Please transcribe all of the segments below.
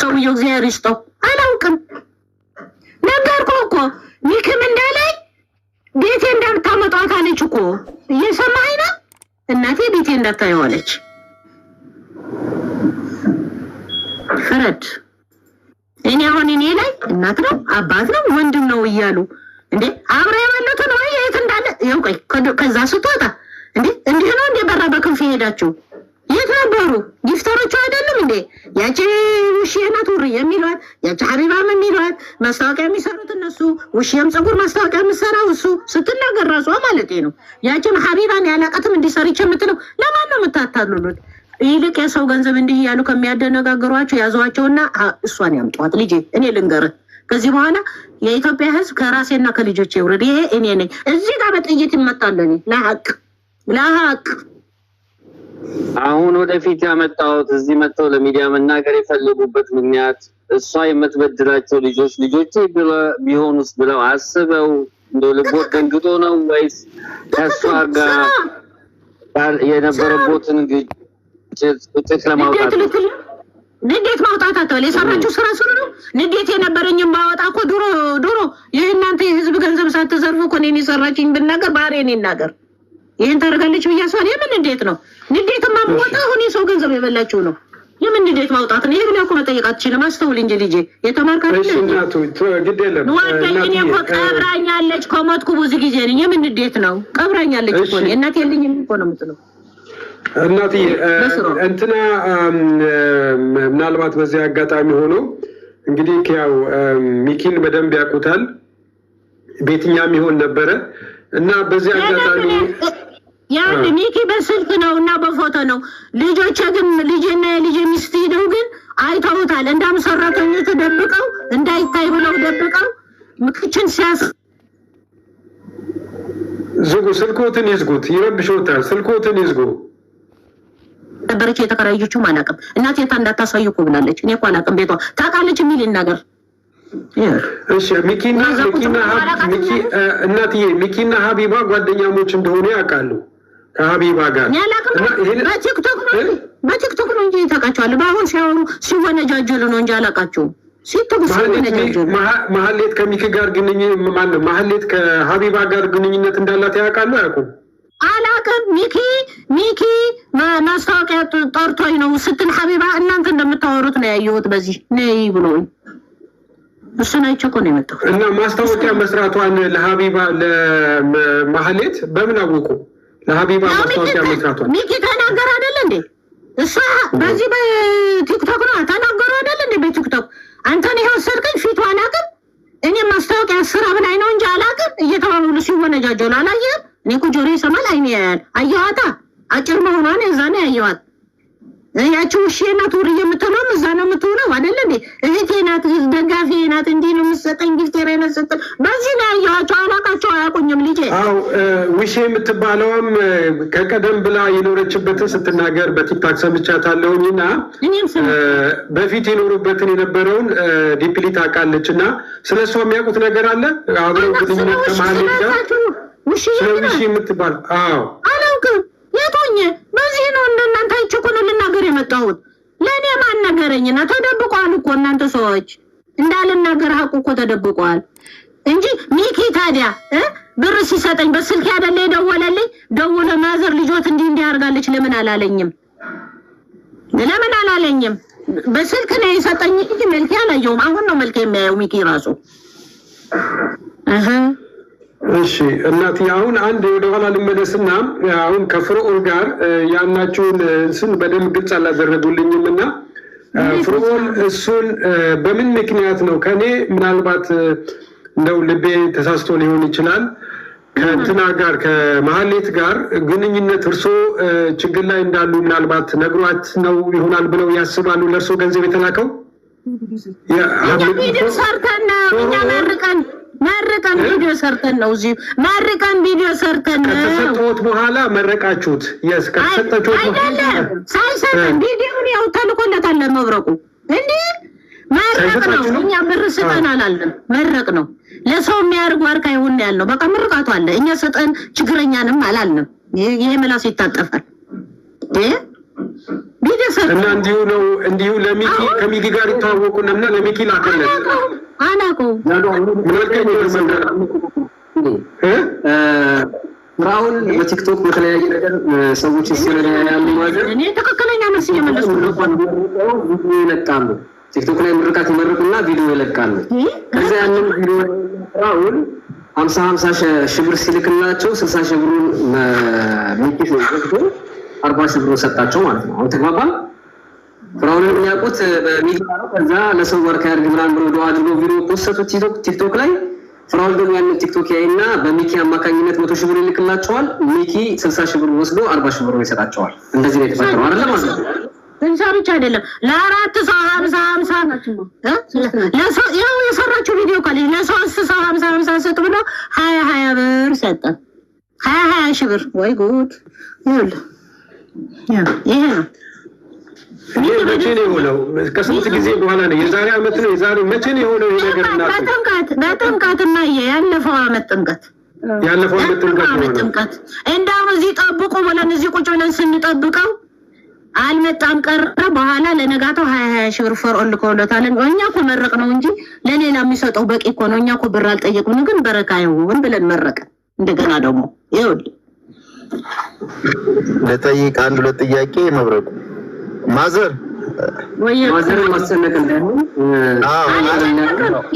ሰውየው እግዚአብሔር ይስጠው። አላውቅም ነገርኩህ እኮ ሚክም እንዳለኝ ቤቴ እንዳታመጧት አለች እኮ እየሰማኸኝ ነው? እናቴ ቤቴ እንዳታየው አለች። ፍረድ። እኔ አሁን እኔ ላይ እናት ነው አባት ነው ወንድም ነው እያሉ እንዴ አብረ የበሉትን ወይ የት እንዳለ ያውቀኝ። ከዛ ስትወጣ እንዴ እንዲህ ነው እንዴ በራ በክንፍ የሄዳችሁ የት ነበሩ? ጊፍተሮቹ አይደሉም እንዴ? ያቺ ውሽየናት ውር የሚሏት ያቺ ሀቢባም የሚሏት ማስታወቂያ የሚሰሩት እነሱ፣ ውሽም ፀጉር ማስታወቂያ የምሰራው እሱ ስትናገር ራሷ ማለት ነው። ያችን ሀቢባን ያላቀትም እንዲሰርች የምትለው ለማን ነው የምታታልሉት? ይልቅ የሰው ገንዘብ እንዲህ እያሉ ከሚያደነጋግሯቸው ያዟቸውና እሷን ያምጧት። ልጄ እኔ ልንገር ከዚህ በኋላ የኢትዮጵያ ሕዝብ ከራሴና ከልጆች ይውረድ። ይሄ እኔ ነኝ። እዚህ ጋር በጥይት ይመጣለኝ ለሀቅ ለሀቅ አሁን ወደፊት ያመጣሁት እዚህ መጥተው ለሚዲያ መናገር የፈለጉበት ምክንያት እሷ የምትበድላቸው ልጆች ልጆቼ ቢሆኑስ ብለው አስበው እንደ ልቦት ደንግጦ ነው ወይስ ከእሷ ጋር የነበረቦትን ግጭት ውጤት ለማውጣት ንዴት ማውጣት አትበል። የሰራችው ስራ ስሩ ነው። ንዴት የነበረኝም ባወጣ እኮ ድሮ ድሮ የእናንተ የህዝብ ገንዘብ ሳትዘርፉ እኮ እኔን የሰራችኝ ብናገር ባህሬን ይናገር። ይህን ታደርጋለች ብያሷል። የምን እንዴት ነው ንዴት ማወጣ አሁን የሰው ገንዘብ የበላችው ነው የምን እንዴት ማውጣት ነው? ይህ ብላ እኮ መጠየቅ አትችልም። አስተውል እንጂ ልጄ የተማርካ እኮ ቀብራኛለች። ከሞትኩ ብዙ ጊዜ ነኝ። የምን እንዴት ነው ቀብራኛለች እኮ እናት የልኝ እኮ ነው የምትለው እናትዬ እንትና ምናልባት በዚህ አጋጣሚ ሆኖ እንግዲህ ያው ሚኪን በደንብ ያውቁታል። ቤትኛም ይሆን ነበረ እና በዚህ አጋጣሚ ያን ሚኪ በስልክ ነው እና በፎቶ ነው። ልጆች ግን ልጅና የልጅ ሚስት ሄደው ግን አይተውታል። እንዳም ሰራተኞቹ ደብቀው እንዳይታይ ብለው ደብቀው ምክችን ሲያስ ዝጉ፣ ስልኮትን ይዝጉት፣ ይረብሾታል። ስልኮትን ይዝጉ። ነበረች የተከራየችውም አላውቅም። እናቴ የታ እንዳታሳዩ እኮ ብላለች። እኔ እኮ አላውቅም ቤቷ ታውቃለች የሚል ነገር ሚኪና ሚኪና እናትዬ ሚኪና ሀቢባ ጓደኛሞች እንደሆኑ ያውቃሉ። ከሀቢባ ጋር በቲክቶክ ነው እንጂ ታውቃቸዋለህ። በአሁን ሲያወሩ ሲወነጃጀሉ ነው እንጂ አላውቃቸውም። መሀሌት ከሚክ ጋር መሀሌት ከሀቢባ ጋር ግንኙነት እንዳላት ያውቃሉ አያውቁም? አላቅም ሚኪ ሚኪ ማስታወቂያ ጠርቶኝ ነው ስትል ሀቢባ እናንተ እንደምታወሩት ነው ያየሁት። በዚህ ነይ ብሎኝ እሱን አይቼ እኮ ነው የመጣሁት። እና ማስታወቂያ መስራቷን ለሀቢባ ለመሀሌት በምን አወቁ? ለሀቢባ ማስታወቂያ መስራቷል ሚኪ ተናገር አደለ እንዴ? እሷ በዚህ በቲክቶክ ነው ተናገሩ አደለ እንዴ? በቲክቶክ አንተን ይኸው ስልክን ፊቱ አላቅም። እኔ ማስታወቂያ ስራ ብላይ ነው እንጂ አላቅም። እየተባሉ ሲወነጃጀሉ አላየህም? እኔ እኮ ጆሮ ይሰማል አይኔ ያያል። አየኋታ አጭር መሆኗን የዛኔ ያየኋት ያቸው ውሽ ናት ወር የምትለው እዛ ነው የምትውለው አደለ እንዴ? እህቴ ናት፣ ደጋፊ ናት። እንዲህ ነው የምትሰጠኝ ጊፍት ራ ነሰጠ በዚህ ላይ ያያቸው አላቃቸው አያቆኝም። ልጅ። አው ውሼ የምትባለውም ከቀደም ብላ የኖረችበትን ስትናገር በቲክታክ ሰምቻታለሁኝ እና በፊት የኖሩበትን የነበረውን ዲፕሊት ታውቃለች እና ስለ እሷ የሚያውቁት ነገር አለ አብረው ግንኙነት ከማለት ጋር ስለ ውሽ የምትባል አዎ አላውቅም ነኝ። በዚህ ነው እንደ እናንተ አይቸኮነ ልናገር የመጣሁት። ለእኔ ማን ነገረኝና? ተደብቋል እኮ እናንተ ሰዎች እንዳልናገር ሀቁ እኮ ተደብቋል እንጂ ሚኪ ታዲያ ብር ሲሰጠኝ በስልክ ያደለ የደወለልኝ ደውሎ ማዘር ልጆት እንዲህ እንዲህ አድርጋለች ለምን አላለኝም? ለምን አላለኝም? በስልክ ነው የሰጠኝ እንጂ መልክ አላየውም። አሁን ነው መልክ የሚያየው ሚኪ ራሱ እሺ እናት አሁን አንድ ወደኋላ ልመለስና አሁን ከፍርኦል ጋር ያናችሁን ስን በደንብ ግልጽ አላደረጉልኝም እና ፍርኦል እሱን በምን ምክንያት ነው ከኔ ምናልባት እንደው ልቤ ተሳስቶ ሊሆን ይችላል ከእንትና ጋር ከመሀሌት ጋር ግንኙነት እርሶ ችግር ላይ እንዳሉ ምናልባት ነግሯት ነው ይሆናል ብለው ያስባሉ። ለእርሶ ገንዘብ የተላከው ሰርተን እኛ መርቀን መርቀን ቪዲዮ ሰርተን ነው እዚሁ መርቀን ቪዲዮ ሰርተን ነው። ከተሰጠሁት በኋላ መረቃችሁት የስ ከተሰጠችሁት አይደለም፣ ሳይሰጠን ቪዲዮን ያው ተልኮለታል ለመብረቁ እንደ መረቅ ነው። እኛ ብር ስጠን አላለም፣ መረቅ ነው። ለሰው የሚያደርጉ አርካ ይሁን ያልነው በቃ ምርቃቱ አለ። እኛ ስጠን ችግረኛንም አላልንም። ይሄ ምላስ ይታጠፋል። ቤተሰብ እና እንዲሁ ነው እንዲሁ ለሚኪ ከሚኪ ጋር ይተዋወቁ እና ለሚኪ ላከለት። ስራውን በቲክቶክ በተለያየ ነገር ሰዎች ስለያሉ ነገር ትክክለኛ መልስ እየመለሱ ይለቃሉ። ቲክቶክ ላይ ምርቃት ይመርቁና ቪዲዮ ይለቃሉ። ከዚያ ያንን ቪዲዮ ስራውን ሀምሳ ሀምሳ ሺህ ብር ሲልክላቸው ስልሳ ሺህ ብሩን ሚኪ አርባ ሺህ ብሮ ሰጣቸው ማለት ነው። አሁን ተግባባል። ፍራውንን የሚያውቁት በሚዲያ ነው። ከዛ ለሰው ወርክ ያርግ ምናምን ብሎ ደዋ አድርጎ ቪዲዮ ፖሰቱት ቲክቶክ ላይ። ፍራውን ደግሞ ያንን ቲክቶክ ያይ ያይና በሚኪ አማካኝነት መቶ ሺህ ብር ይልክላቸዋል። ሚኪ ስልሳ ሺህ ብር ወስዶ አርባ ሺህ ብር ይሰጣቸዋል። እንደዚህ ነው የተፈጠረው አይደለ ማለት ነው። ትንሳ ብቻ አይደለም ለአራት ሰው ሀምሳ ሀምሳ ይኸው የሰራችው ቪዲዮ እኮ አለች። ለሶስት ሰው ሀምሳ ሀምሳ ስጥ ብሎ ሀያ ሀያ ብር ሰጠ። ሀያ ሀያ ሺህ ብር ወይ ጉድ ይኸውልህ መቼ ነው የሆነው? ከስንት ጊዜ በኋላ ነው? የዛሬ አመት ነው? የዛሬ መቼ ነው የሆነው ይሄ ነገር? በጥምቀት በጥምቀት እና ያለፈው አመት ጥምቀት ያለፈው አመት ጥምቀት እንደውም እዚህ ጠብቁ ብለን እዚህ ቁጭ ብለን ስንጠብቀው አልመጣም ቀረ። በኋላ ለነጋታው ሀያ ሀያ ሺህ ብር ፈርዖን እኛ እኮ መረቅ ነው እንጂ ለሌላ የሚሰጠው በቂ እኮ ነው። እኛ እኮ ብር አልጠየቅም፣ ግን በረካ ይሁን ብለን እንደገና ደግሞ ይኸውልህ ለጠይቅ አንድ ሁለት ጥያቄ መብረቁ ማዘር ማዘር ማሰነቅ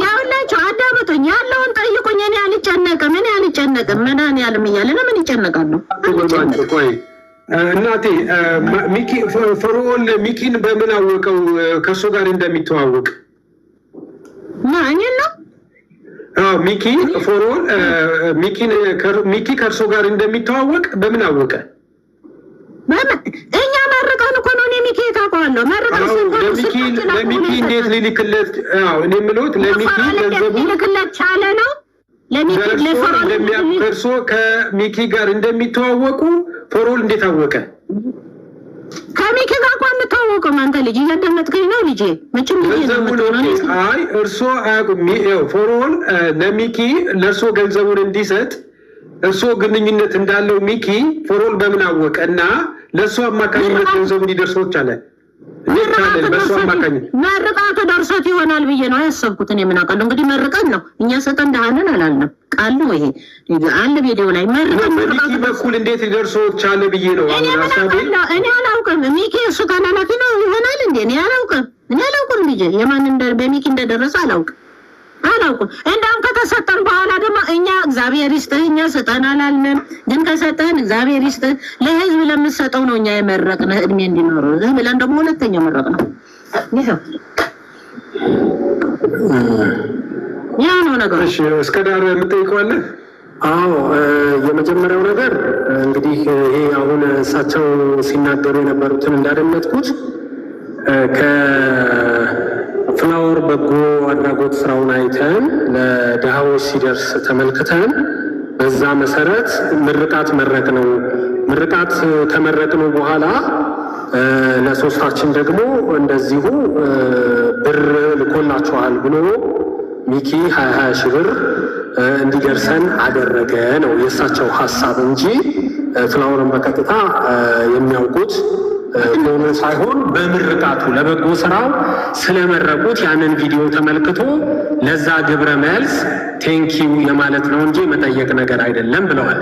ያውላቸው አዳምጡኝ። ያለውን ጠይቁኝ። እኔ አልጨነቅም፣ እኔ አልጨነቅም። መድኃኒዓለም እያለ ለምን ይጨነቃሉ? እናቴ ሚኪ ፈርዖን ሚኪን በምን አወቀው ከእሱ ጋር እንደሚተዋወቅ እኔን ነው ሚኪ ፎሮን ሚኪ ከእርሶ ጋር እንደሚተዋወቅ በምን አወቀ? እኛ መርቀን እኮ ነው። እኔ ሚኪ ታውቀዋለሁ። መርቀን ለሚኪ እንዴት ሊልክለት እኔ የምልዎት ለሚኪ ገንዘቡ ሊልክለት ቻለ ነው። እርሶ ከሚኪ ጋር እንደሚተዋወቁ ፎሮል እንዴት አወቀ? ከሚኪ ጋር የምታወቀው አንተ ልጅ እያዳመጥከኝ ነው ልጄ? መቼም አይ እርሶ አያውቁም። ፎሮን ለሚኪ ለእርሶ ገንዘቡን እንዲሰጥ እርሶ ግንኙነት እንዳለው ሚኪ ፎሮን በምን አወቀ? እና ለእሱ አማካኝነት ገንዘቡን ሊደርሶች አለ ምርቃቱ ደርሶት ይሆናል ብዬ ነው ያሰብኩት። እኔ ምን እንግዲህ መርቀን ነው እኛ ሰጠን እንደሃንን አላልንም። ቃሉ ይሄ አለ ቪዲዮ ላይ መርቀን በኩል እንዴት ደርሶ ቻለ ብዬ ነው እኔ አላውቅም። ሚኪ እሱ ተላላኪ ነው ይሆናል እንዴ? እኔ አላውቅም። እኔ አላውቅም ልጄ የማን በሚኪ እንደደረሰ አላውቅም። አላውቅም። እንደውም ከተሰጠን በኋላ ደግሞ እኛ እግዚአብሔር ይስጥህ እኛ ስጠን አላልንም፣ ግን ከሰጠን እግዚአብሔር ይስጥህ ለህዝብ ለምሰጠው ነው እኛ የመረቅነህ እድሜ እንዲኖሩ ዝም ብለን ደግሞ ሁለተኛ መረቅ ነው። ያ ነው ነገሩ። እስከ ዳር የምጠይቀዋለህ አዎ የመጀመሪያው ነገር እንግዲህ ይሄ አሁን እሳቸው ሲናገሩ የነበሩትን እንዳደመጥኩት ፍላወር በጎ አድራጎት ስራውን አይተን ለድሃዎች ሲደርስ ተመልክተን በዛ መሰረት ምርቃት መረቅ ነው። ምርቃት ከመረቅነው በኋላ ለሶስታችን ደግሞ እንደዚሁ ብር ልኮላችኋል ብሎ ሚኪ ሀያ ሀያ ሺህ ብር እንዲደርሰን አደረገ ነው የእሳቸው ሀሳብ እንጂ ፍላወርን በቀጥታ የሚያውቁት ሆኖ ሳይሆን በምርቃቱ ለበጎ ስራው ስለመረቁት ያንን ቪዲዮ ተመልክቶ ለዛ ግብረ መልስ ቴንኪው የማለት ነው እንጂ መጠየቅ ነገር አይደለም ብለዋል።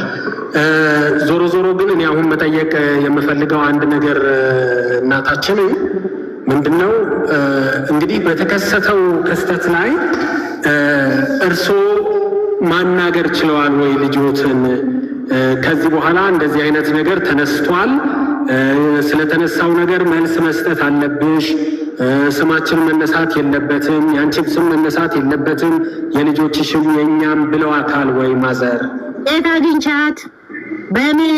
ዞሮ ዞሮ ግን እኔ አሁን መጠየቅ የምፈልገው አንድ ነገር እናታችን ምንድነው እንግዲህ በተከሰተው ክስተት ላይ እርስዎ ማናገር ችለዋል ወይ ልጆትን? ከዚህ በኋላ እንደዚህ አይነት ነገር ተነስቷል ስለተነሳው ነገር መልስ መስጠት አለብሽ። ስማችን መነሳት የለበትም፣ የአንቺም ስም መነሳት የለበትም፣ የልጆችሽም የእኛም አካል ወይ ማዘር? የት አግኝቻት? በምን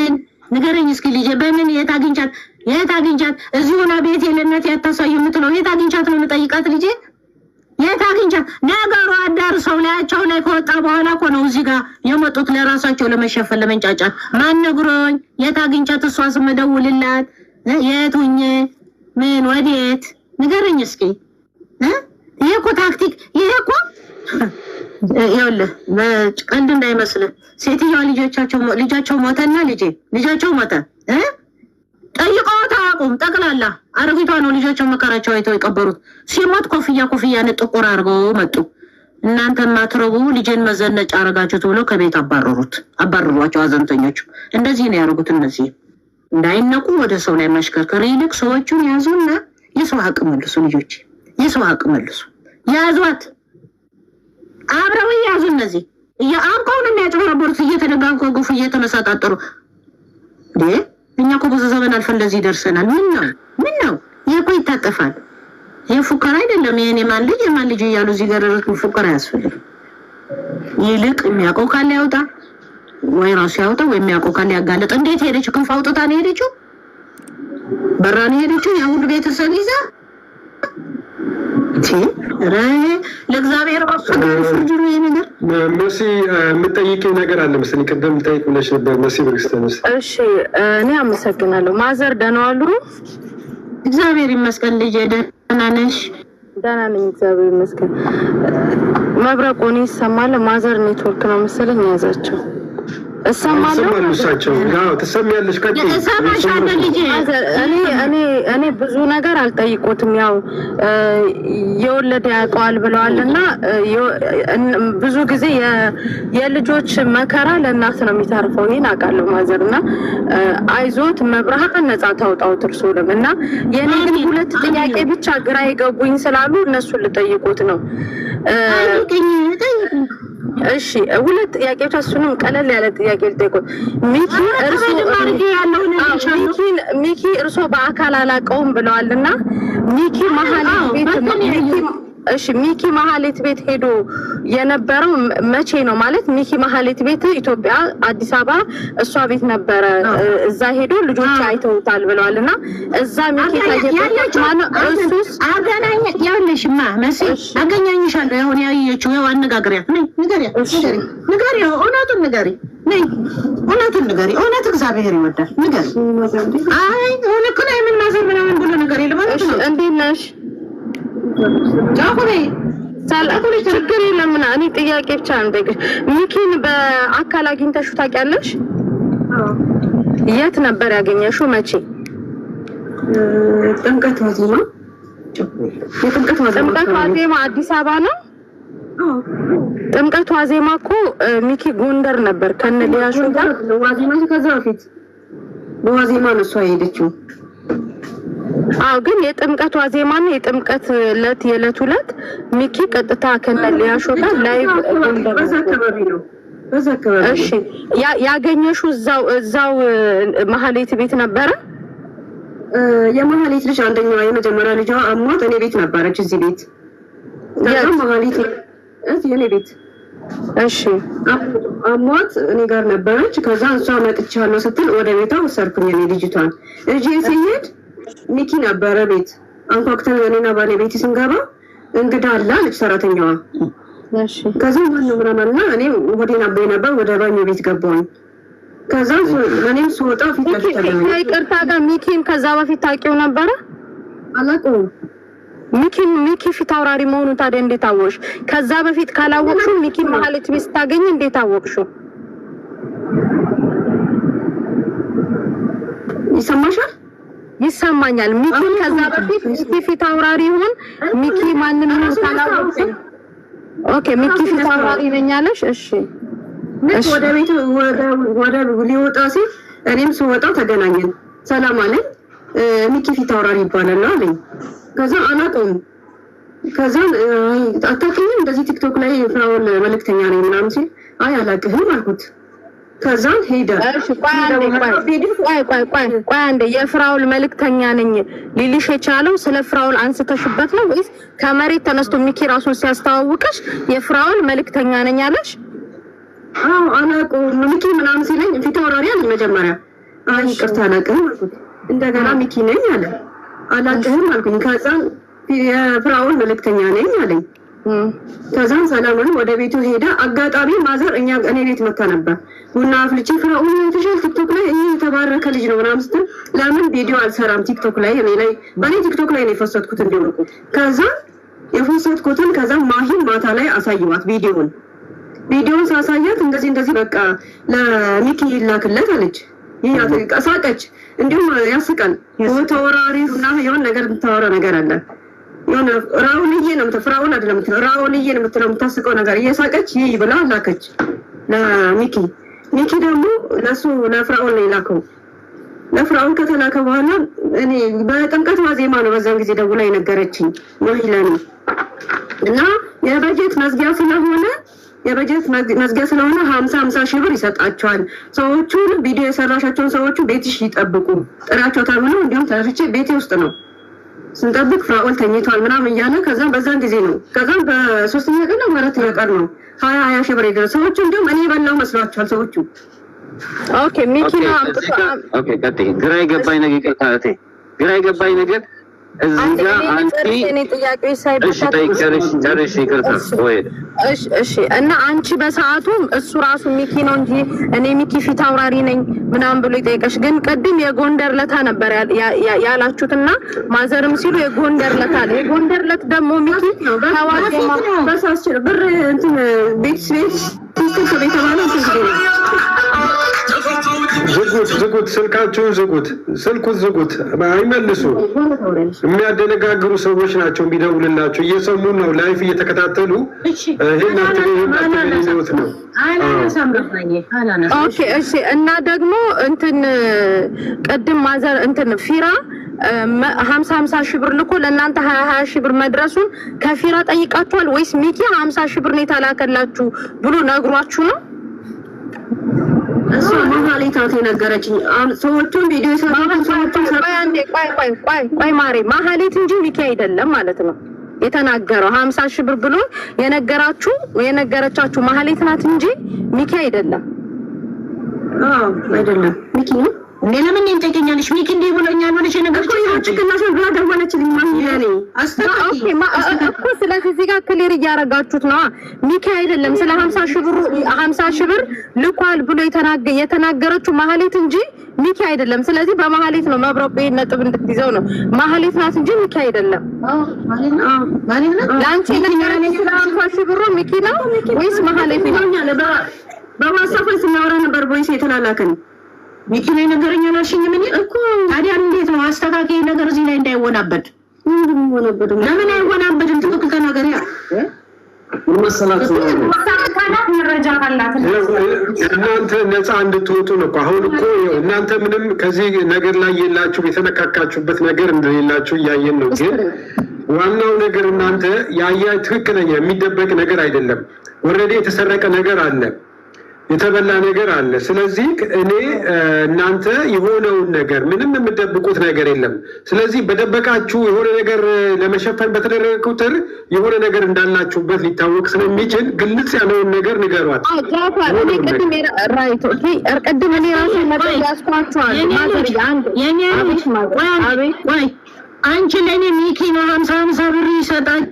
ንገረኝ እስኪ ልጄ፣ በምን የት አግኝቻት? የት አግኝቻት? እዚሁና ቤት የለነት ያታሳዩ የምትለው የት አግኝቻት ነው የምጠይቃት ልጄ የት አግኝቻ ነገሩ ሰው ላያቸው ላይ ከወጣ በኋላ እኮ ነው እዚህ ጋር የመጡት ለራሳቸው ለመሸፈን ለመንጫጫት። ማን ነግሮኝ? የት አግኝቻት? እሷስ መደውልላት የት ሁኜ ምን ወዴት ንገረኝ እስኪ። ይሄ እኮ ታክቲክ፣ ይሄ እኮ ይኸውልህ፣ ቀልድ እንዳይመስልህ። ሴትዮዋ ልጃቸው ሞተና ልጄ ልጃቸው ሞተ ጠይቀውታ አያውቁም። ጠቅላላ አረቢቷ ነው ልጃቸው መከራቸው አይተው የቀበሩት። ሲሞት ኮፍያ ኮፍያን ጥቁር አድርገው መጡ። እናንተ ማትረቡ ልጅን መዘነጫ አረጋችሁት ብለው ከቤት አባረሩት አባረሯቸው። አዘንተኞቹ እንደዚህ ነው ያደርጉት። እነዚህ እንዳይነቁ ወደ ሰው ላይ መሽከርከር ይልቅ ሰዎቹን ያዙና የሰው ሀቅ መልሱ፣ ልጆች የሰው ሀቅ መልሱ፣ ያዟት፣ አብረው ያዙ። እነዚህ አንቀውን የሚያጭበረበሩት እየተደጋንቆ ጉፍ እየተመሳጣጠሩ እኛ እኮ ብዙ ዘመን አልፈ እንደዚህ ይደርሰናል። ምን ነው ምን ነው? ይህ እኮ ይታጠፋል። ይህ ፉከራ አይደለም። ይህን የማን ልጅ የማን ልጅ እያሉ እዚህ ገረረት ፉከራ አያስፈልግም። ይልቅ የሚያውቀው ካለ ያውጣ፣ ወይ ራሱ ያውጣ፣ ወይ የሚያውቀው ካለ ያጋለጥ። እንዴት ሄደች? ክንፍ አውጥታ ነው ሄደችው። በራ ነው ሄደችው። ያ ሁሉ ቤተሰብ ይዛ ለእግዚአብሔር የምጠይቅ ነገር አለ መሰለኝ። ቅድም ጠይቅ ብለሽ ነበር መሲ ብርክስተን። እሺ እኔ አመሰግናለሁ። ማዘር ደህና ዋሉ? እግዚአብሔር ይመስገን። ልጄ ደህና ነሽ? ደህና ነኝ እግዚአብሔር ይመስገን። መብረቁ እኔ ይሰማል። ማዘር ኔትወርክ ነው መሰለኝ የያዛቸው እኔ ብዙ ነገር አልጠይቆትም። ያው የወለደ ያውቀዋል ብለዋል እና ብዙ ጊዜ የልጆች መከራ ለእናት ነው የሚታርፈው። ይህን አውቃለሁ ማዘር እና አይዞት መብርሃን ነፃ ታውጣው ትርሱልም እና የኔ ግን ሁለት ጥያቄ ብቻ ግራ የገቡኝ ስላሉ እነሱን ልጠይቆት ነው። እሺ ሁለት ጥያቄዎች፣ ብቻ፣ እሱንም ቀለል ያለ ጥያቄ ልጠይቆት። ሚኪ ሚኪ እርሶ በአካል አላቀውም ብለዋል እና ሚኪ መሀል ቤት ሚኪ እሺ ሚኪ ማህሌት ቤት ሄዶ የነበረው መቼ ነው? ማለት ሚኪ ማህሌት ቤት ኢትዮጵያ አዲስ አበባ እሷ ቤት ነበረ። እዛ ሄዶ ልጆች አይተውታል ብለዋል። እና እዛ ሚኪ ታየበት መሲ አገኛኝሻለሁ። ያሁን ያየችው ያው አነጋግሪያት ንገሪ፣ እውነቱን ንገሪ እውነቱን ንገሪ። እውነት እግዚአብሔር ይወዳል። ንገሪ። አይ እውነት እኮ ነው። የምን ማዘር ምናምን ብሎ ነገር የለም። እንዴት ነሽ? ጫፉ ሳላቁል ችግር የለም። ምን እኔ ጥያቄ ብቻ አንበይሽ ሚኪን በአካል አግኝተሽው ታውቂያለሽ? የት ነበር ያገኘሽው? መቼ? ጥምቀት ዋዜማ የጥምቀት ዋዜማ አዲስ አበባ ነው። ጥምቀት ዋዜማ እኮ ሚኪ ጎንደር ነበር ከነ ሊያሹ ጋር ዋዜማ። ከዛ በፊት በዋዜማ ነው እሷ የሄደችው አዎ ግን የጥምቀቷ ዜማና የጥምቀት ዕለት የዕለት ሁለት ሚኪ ቀጥታ ከነሊያሾ ጋር ላይቭ ነው። እሺ ያገኘሹ እዛው እዛው መሀሌት ቤት ነበረ። የመሀሌት ልጅ አንደኛዋ የመጀመሪያ ልጇ አሟት እኔ ቤት ነበረች፣ እዚህ ቤት መሀሌት የኔ ቤት እሺ አሟት እኔ ጋር ነበረች። ከዛ እሷ መጥቻለሁ ስትል ወደ ቤቷ ወሰድኩኝ እኔ ልጅቷን እጅ ስሄድ ኒኪ ነበረ ቤት አንኳኩተን እኔና ባለቤት ስንገባ እንግዳ አለ አለች ሰራተኛዋ። ከዛ ማን ብረናና እኔ ወደ ናበ ነበር ወደ ባኞ ቤት ገባሁኝ። ከዛ እኔም ስወጣ ፊት ይቅርታ ጋር ሚኪን ከዛ በፊት ታውቂው ነበረ አላውቀውም። ሚኪን ሚኪ ፊት አውራሪ መሆኑ ታዲያ እንዴት አወቅሽ? ከዛ በፊት ካላወቅሹ ሚኪን መሀል ቤት ስታገኝ እንዴት አወቅሹ? ይሰማሻል? ይሰማኛል። ሚኪን ከዛ በፊት እስቲ ፊት አውራሪ ይሁን ሚኪ ማንም ይሁን ካላወቅ ኦኬ፣ ሚኪ ፊት አውራሪ ነኛለሽ። እሺ ልክ ወደ ቤቱ ወደ ሊወጣ ሲል እኔም ስወጣ ተገናኘን። ሰላም አለኝ። ሚኪ ፊት አውራሪ ይባላል ነው አለኝ። ከዛ አላውቀውም። ከዛ አታውቅኝም እንደዚህ ቲክቶክ ላይ ፍራውል መልእክተኛ ነኝ ምናምን ሲል አይ አላውቅህም አልኩት። ከዛ ሄደ። ቆይ አንዴ የፍራውል መልእክተኛ ነኝ ሊልሽ የቻለው ስለ ፍራውል አንስተሽበት ነው ወይስ ከመሬት ተነስቶ ሚኪ ራሱን ሲያስተዋውቀሽ የፍራውል መልእክተኛ ነኝ አለሽ? አዎ አላውቅም ሚኪ ምናምን ሲለኝ ፊት ወራሪ አለኝ መጀመሪያ። አይ ይቅርታ አላውቅም አልኩት። እንደገና ሚኪ ነኝ አለ። አላውቅህም አልኩኝ። ከዛም የፍራውል መልእክተኛ ነኝ አለኝ። ከዛም ሰላም ወደ ቤቱ ሄደ። አጋጣሚ ማዘር እኛ እኔ ቤት መታ ነበር ቡና አፍልቼ ፍራኡን ኦፊሻል ቲክቶክ ላይ ይህ የተባረከ ልጅ ነው ምናምን ስትል ለምን ቪዲዮ አልሰራም ቲክቶክ ላይ እኔ ላይ በእኔ ቲክቶክ ላይ ነው የፈሰትኩት እንዲሆንኩ ከዛ የፈሰትኩትን ከዛ ማሂን ማታ ላይ አሳይዋት ቪዲዮን ቪዲዮን ሳሳያት እንደዚህ እንደዚህ በቃ ለሚኪ ይላክለት አለች። ይህ ሳቀች። እንዲሁም ያስቃል። ተወራሪ እና የሆን ነገር የምታወራ ነገር አለ። የሆነ ራውንዬ ነው ፍራውን አይደለም ራውንዬ ነው የምትለው የምታስቀው ነገር እየሳቀች ይህ ብላ ላከች ለሚኪ ይቺ ደግሞ ለሱ ለፍራኦን ነው የላከው። ለፍራኦን ከተላከ በኋላ እኔ በጥምቀት ዋዜማ ነው በዛን ጊዜ ደውላ የነገረችኝ ወሂለኔ እና የበጀት መዝጊያ ስለሆነ የበጀት መዝጊያ ስለሆነ ሀምሳ ሀምሳ ሺህ ብር ይሰጣቸዋል። ሰዎቹን ቪዲዮ የሰራሻቸውን ሰዎቹ ቤትሽ ይጠብቁ ጥራቸው ተብሎ እንዲሁም ተርቼ ቤቴ ውስጥ ነው ስንጠብቅ ፍራኦል ተኝቷል ምናምን እያለ ከዛም በዛን ጊዜ ነው። ከዛም በሶስተኛ ቀን ነው አራተኛ ቀን ነው ሀያ ሀያ ሺህ ብር የገዛው ሰዎቹ እንዲሁም እኔ የበላው መስሏቸዋል ሰዎቹ። ሚኪ ግራ የገባኝ ነገር ግራ የገባኝ ነገር እና አንቺ በሰዓቱ እሱ ራሱ ሚኪ ነው እንጂ እኔ ሚኪ ፊት አውራሪ ነኝ ምናምን ብሎ ይጠይቀሽ። ግን ቅድም የጎንደር ለታ ነበር ያላችሁት እና ማዘርም ሲሉ የጎንደር ለታ ነው። የጎንደር ለት ደግሞ ሚኪ በሳስችል ብር ቤት ቤት ቤት ቤት ቤት ዝጉት፣ ዝጉት፣ ስልካችሁን ዝጉት፣ ስልኩን ዝጉት። አይመልሱ። የሚያደነጋግሩ ሰዎች ናቸው የሚደውልላቸው። እየሰሙ ነው፣ ላይፍ እየተከታተሉ ይህን ነው። ኦኬ፣ እሺ። እና ደግሞ እንትን ቅድም ማዘር እንትን ፊራ ሀምሳ ሀምሳ ሺህ ብር ልኮ ለእናንተ ሀያ ሀያ ሺህ ብር መድረሱን ከፊራ ጠይቃችኋል ወይስ ሚኪ ሀምሳ ሺህ ብር ነው የተላከላችሁ ብሎ ነግሯችሁ ነው? እሷ ናት የነገረችኝ ሰዎቹን ቪዲዮ ቆይ ማሬ ማህሌት እንጂ ሚኪ አይደለም ማለት ነው የተናገረው ሀምሳ ሺህ ብር ብሎ የነገራችሁ የነገረቻችሁ ማህሌት ናት እንጂ ሚኪ አይደለም አይደለም ሚኪ ነው እንደ ለምን ይህን ጠይቀኛለሽ? ሚኪ እንዲህ ብሎኛል ብለሽ የነገርኩሽ እኮ ስለዚህ እዚህ ጋር ክሊር እያደረጋችሁት ነዋ። ሚኪ አይደለም ስለ ሀምሳ ሺህ ብር ልኳል ብሎ የተናገረችው ማህሌት እንጂ ሚኪ አይደለም። ስለዚህ በማህሌት ነው መብረቁ ይሄን ነጥብ እንድትይዘው ነው። ማህሌት ናት እንጂ ሚኪ አይደለም። ለአንቺ ሀምሳ ሺህ ብሩ ሚኪ ነው ወይስ ማህሌት ነው? በዋሳፋ ስናወራ ነበር ቦይስ የተላላከ መኪና ነገረኛን አልሽኝም እኮ። ታዲያ እንዴት ነው አስተካካይ ነገር እዚህ ላይ እንዳይወናበድ ለምን አይወናበድም? ትክክል ተናገሪ። መረጃ ካላት እናንተ ነፃ እንድትወጡ ነው አሁን እኮ እናንተ ምንም ከዚህ ነገር ላይ የላችሁ የተነካካችሁበት ነገር እንደሌላችሁ እያየን ነው። ግን ዋናው ነገር እናንተ ትክክለኛ የሚደበቅ ነገር አይደለም። ወረዴ የተሰረቀ ነገር አለ የተበላ ነገር አለ። ስለዚህ እኔ እናንተ የሆነውን ነገር ምንም የምደብቁት ነገር የለም። ስለዚህ በደበቃችሁ የሆነ ነገር ለመሸፈን በተደረገ ቁጥር የሆነ ነገር እንዳላችሁበት ሊታወቅ ስለሚችል ግልጽ ያለውን ነገር ንገሯት። ቅድም እኔ ራሱ ነገር ያስኳቸዋል። አንቺ ለእኔ ሚኪ ነው ሀምሳ ሀምሳ ብር ይሰጣል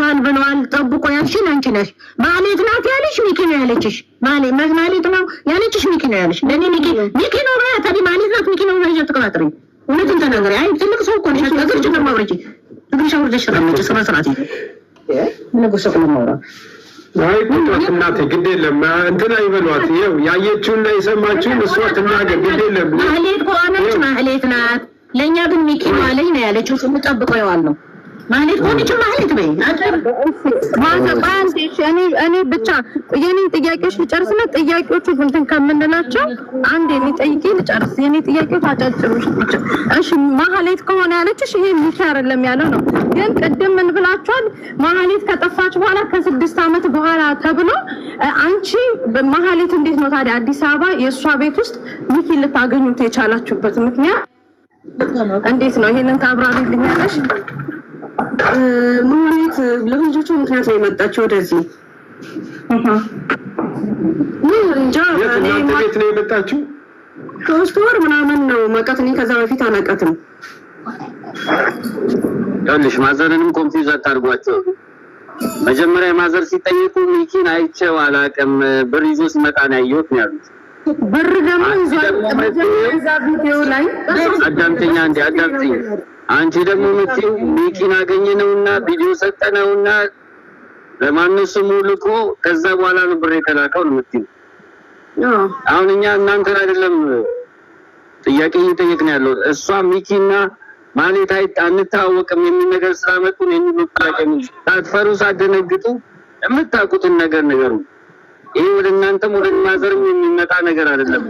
ሞተዋል ብለዋል ጠብቆ ያልሽን አንቺ ነሽ። ማሌት ናት ያለሽ ሚኪ ነው ያለችሽ። ማሌት ነው ያለችሽ ሚኪ ነው ያለሽ። ለእኔ ሚኪ ሚኪ ነው በያ ታዲያ ማሌት ናት ሚኪ ነው ብለሽ አትቀባጥሪኝ። እውነትን ተናገሪ። አይ ትልቅ ሰው እኮ ነሽ። እግር ጭምር ማውረጂ እግርሽ አውርደሽ ተቀመጭ። ስራ ስራት ይ ንጉስ ነው ማውራ እናቴ ግድ የለም እንትና ይበሏት። ይኸው ያየችውና የሰማችውን እሷ ትናገር፣ ግድ የለም። ማህሌት ከሆነች ማህሌት ናት። ለእኛ ግን ሚኪ ነው አለኝ ነው ያለችው። ስንጠብቀው ይዋል ነው ማለት ሆነች ማለት በይ እኔ ብቻ የኔን ጥያቄዎች ልጨርስና ጥያቄዎቹ እንትን ከምንላቸው አንድ የኔ ጠይቄ ልጨርስ። የኔ ጥያቄዎች አጫጭሮች እሺ ማህሌት ከሆነ ያለችሽ ይሄ ሚኪ አይደለም ያለው ነው። ግን ቅድም ምን ብላችኋል? ማህሌት ከጠፋች በኋላ ከስድስት ዓመት በኋላ ተብሎ አንቺ ማህሌት እንዴት ነው ታዲያ አዲስ አበባ የእሷ ቤት ውስጥ ሚኪ ልታገኙት የቻላችሁበት ምክንያት እንዴት ነው? ይሄንን ታብራሪልኛለሽ? ማለት ለልጆቹ ምክንያት ነው የመጣችው ወደዚህ እንጃ። ቤት ነው የመጣችው ሶስት ወር ምናምን ነው መቀት። እኔ ከዛ በፊት አላውቃትም። ይኸውልሽ ማዘርንም ኮንፊውዝ አታድርጓቸው። መጀመሪያ ማዘር ሲጠይቁ ሚኪን አይቼው አላውቅም ብር ይዞ ሲመጣ ነው ያየሁት ነው ያሉት። ብር ደግሞ ይዟል። አዳምተኛ እንዲ አዳምተኛ አንቺ ደግሞ የምትይው ሚኪን ነውና ቪዲዮ ሰጠ ነውና ለማነው ስሙ ልኮ ከዛ በኋላ ነው ብር የተላከው ነው የምትይው። አሁን እኛ እናንተን አይደለም ጥያቄ እየጠየቅን ያለው እሷ ሚኪና ማለት አይ አንታወቅም የሚል ነገር ስላመጡ ነው የሚሉ ጥያቄ ነው። ሳትፈሩ ሳትደነግጡ የምታውቁትን ነገር ነገር ይሄ ወደ እናንተም ወደ እናዘርም የሚመጣ ነገር አይደለም።